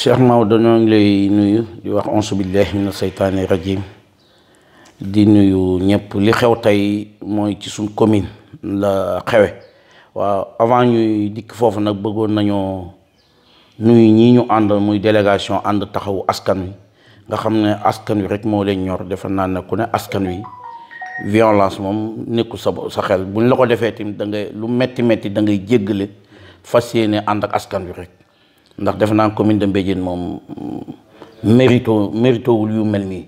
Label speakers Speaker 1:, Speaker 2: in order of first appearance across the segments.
Speaker 1: Cheikh Maodo ñoo ngi lay nuyu di wax onsu na mina seytaani rajim di nuyu ñëpp li xew tey mooy ci suñ commune la xewe waaw avant ñuy dikk foofu nag bëggoon nañoo nuyu ñi ñu ànd muy délégation ànd taxawu askan wi nga xam ne askan wi rek moo leen ñor defe naa ne ku ne askan wi violence moom nekkul sa sa xel buñ la ko defee tamit da ngay lu metti metti da ngay jéggale fas yéene ànd ak askan wi rek ndax defe naa commune de Mbédiène moom mérito mérito wul yu mel nii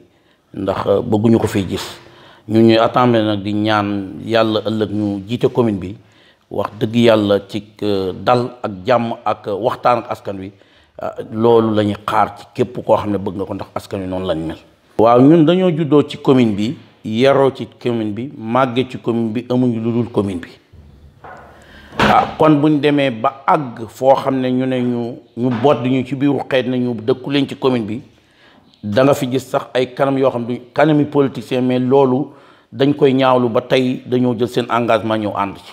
Speaker 1: ndax euh, bëgguñu ko fi gis ñu ñuy attendre nag di ñaan yàlla ëllëg ñu jiite commune bi wax dëgg yàlla ci euh, dal ak jàmm ak euh, waxtaan ak askan wi loolu la ñuy xaar ci képp koo xam ne bëgg nga ko ndax askan wi noonu lañ mel. waaw ñun dañoo juddoo ci commune bi yaroo ci commune bi màggee ci commune bi amuñu lu dul commune bi. ah kon buñ demee ba àgg foo xam ne ñu ne ñu ñu boot ñu ci biiru xeet nañu dëkku leen ci commune bi da nga fi gis sax ay kanam yoo xam du kanami politicien mais loolu dañ koy ñaawlu ba tey dañoo jël seen engagement ñëw ànd ci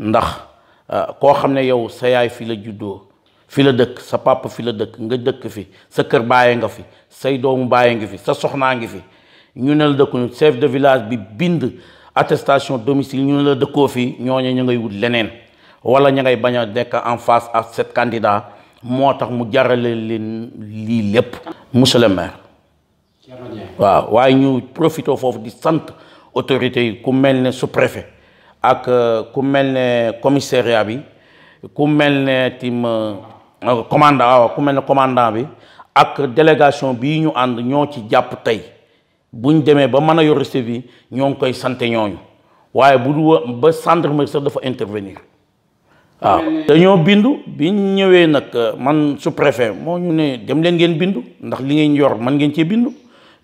Speaker 1: ndax ah, koo xam ne yow sa yaay fi la juddoo fi la dëkk sa papa fi la dëkk nga dëkk fi sa kër bàyyee nga fi say doomu bàyyee ngi fi sa soxnaa ngi fi ñu ne la dëkkuñu chef de village bi bind attestation domicile ñu ne la dëkkoo fi ñooñu ngay wut leneen wala ña ngay bañ a nekk en face à cet candidat moo tax mu jarale leen lii lépp monsieur le maire waaw waaye ñu profité foofu di sant autorités yi ku mel ne sous-préfet ak euh, ku mel ne commissariat bi ku mel ne tim euh, euh, commandant waaw ku mel ne commandant bi ak délégation bii ñu ànd ñoo ci jàpp tey buñ demee ba mën a yor bi ñoo ngi koy sant ñooñu waaye bu du ba gendarmerie sax dafa intervenir
Speaker 2: waaw ah, dañoo
Speaker 1: bindu bi ñëwee nag euh, man su préfet moo ñu ne dem leen ngeen bindu ndax li ngeen yor man ngeen cee bindu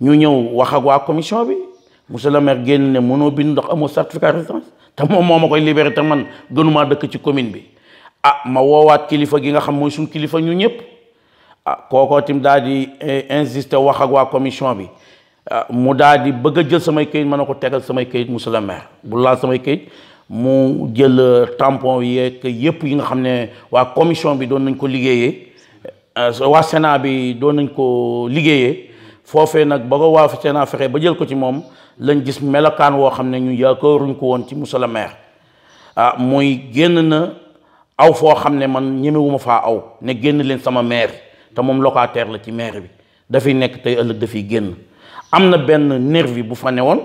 Speaker 1: ñu ñëw wax ak waa commission bi monsieur le maire génn ne mënoo bindu ndax amoo certificat de résidence te moom moo ma koy libéré te man gënumaa dëkk ci commune bi ah ma woowaat kilifa gi nga xam mooy suñ kilifa ñu ñëpp ah kookoo tim daal di eh, insister wax ak waa commission bi ah, mu daal di bëgg a jël samay kayit man na ko tegal samay kayit monsieur la maire bu laal samay kayit mu jël euh, tampon yeeg yëpp yi nga xam ne waa commission bi doon nañ ko liggéeyee euh, waa Sénat bi doon nañ ko liggéeyee foofee nag ba ko waa Sénat fexe ba jël ko ci moom lañ gis melokaan woo xam ne ñu yaakaaruñ ko woon ci monsieur le maire ah mooy génn na aw foo xam ne man ñemewuma faa aw ne génn leen sama maire te moom locataire la ci maire bi dafi nekk tey ëllëg dafi génn am na benn nervi bu fa woon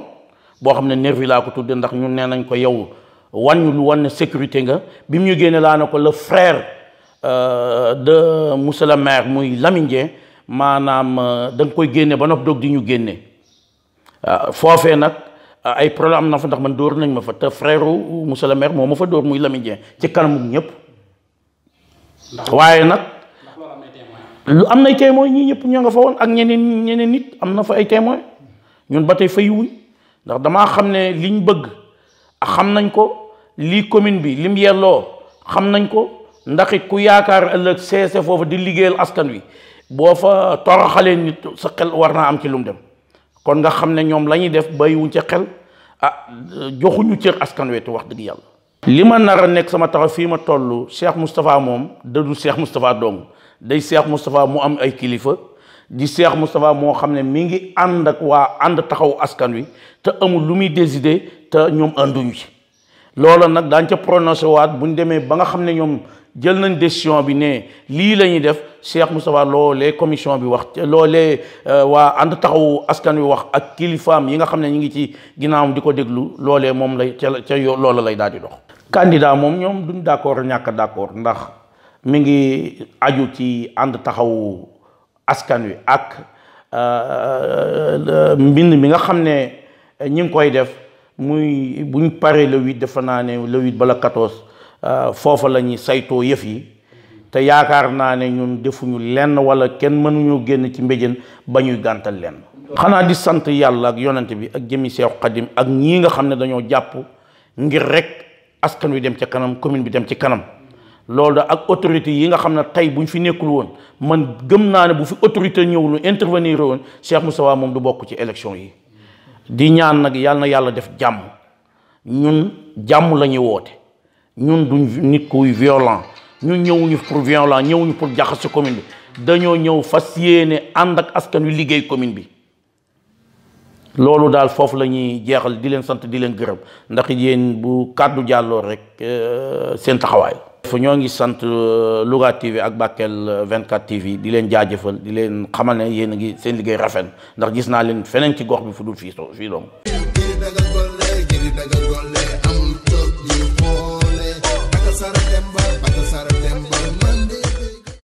Speaker 1: boo xam ne nervi laa ko tudde ndax ñun nee nañ ko yow wan ñu lu wan ne sécurité nga bi mu ñu génne laa ne ko le frère euh, de monsieur le maire muy Lamine Dieng maanaam euh, da koy génne ba nopp doog di ñu génne ah, foofee nag ah, ay problème am na fa ndax man dóor nañ ma fa te frère monsieur le maire moo ma fa dóor muy Lamine ci kanamu ñëpp waaye nag lu am na ay ñii ñëpp ñoo nga fa woon ak ñeneen ñeneen nit am na fa ay témoin ñun ba tey fayuwuñ ndax damaa xam ne liñ bëgg xam nañ ko lii commune bi lim yelloo xam nañ ko ndax it ku yaakaar ëllëg seese foofu di liggéeyal askan wi boo fa toroxalee nit sa xel war naa am ci lu mu dem kon nga xam ne ñoom la ñuy def bàyyiwuñ ca xel ah joxuñu cër askan wetu wax dëgg yàlla. li ma nar a nekk sama taxaw fii ma toll Cheikh Moustapha moom dëddu Cheikh Moustapha doom day Cheikh Moustapha mu am ay kilifa. di Cheikh Moustapha moo xam ne mi ngi ànd ak waa ànd taxaw askan wi te amul lu muy décider te ñoom ànduñu loola nag daañ ca prononcé waat bu ñu demee ba nga xam ne ñoom jël nañ décision bi ne lii la def Cheikh Moustapha loole commission bi wax loolee euh, waa ànd taxawu askan wi wax ak kilifaam yi nga xam ne ñu ngi ci ginnaawam di ko déglu loolee moom lay ca ca loola lay daal di dox. candidat moom ñoom duñ d'accord ñàkk d'accord ndax mi ngi aju ci ànd taxawu askan wi ak euh, euh, mbind mi nga xam ne ñi ngi koy def. muy bu ñu paree le huit defe naa ne le huit bala quatorze euh, foofa la ñuy saytoo yëf yi te yaakaar naa ne ñun defuñu lenn wala kenn mënuñoo génn ci mbéjén ba ñuy gàntal lenn. xanaa di sant yàlla ak yonent bi ak jëmi Seex Xadim ak ñii nga xam ne dañoo jàpp ngir rek askan wi dem ci kanam commune bi dem ci kanam loolu da ak autorité yi nga xam ne tey bu ñu fi nekkul woon man gëm naa ne bu fi autorité ñëwul intervenir woon Cheikh sawaa moom du bokk ci élection yi. di ñaan nag yàlla na yàlla def jàmm ñun jàmm la ñuy woote ñun duñ nit kuy violent ñun ñëwuñu pour violent ñëwuñu pour jaxase commune bi dañoo ñëw fas yéene ànd ak askan wi liggéey commune bi loolu daal foofu la ñuy jeexal di leen sant di leen gërëm ndax yéen bu kàddu jàlloo rek euh, seen taxawaay fo ñoo ngi sant euh, Louga TV ak Bakel 24 euh, TV di leen jaajëfal di leen xamal ne yéen a ngi seen liggéey rafet ndax gis naa leen feneen ci gox bi fu dul fii fii doom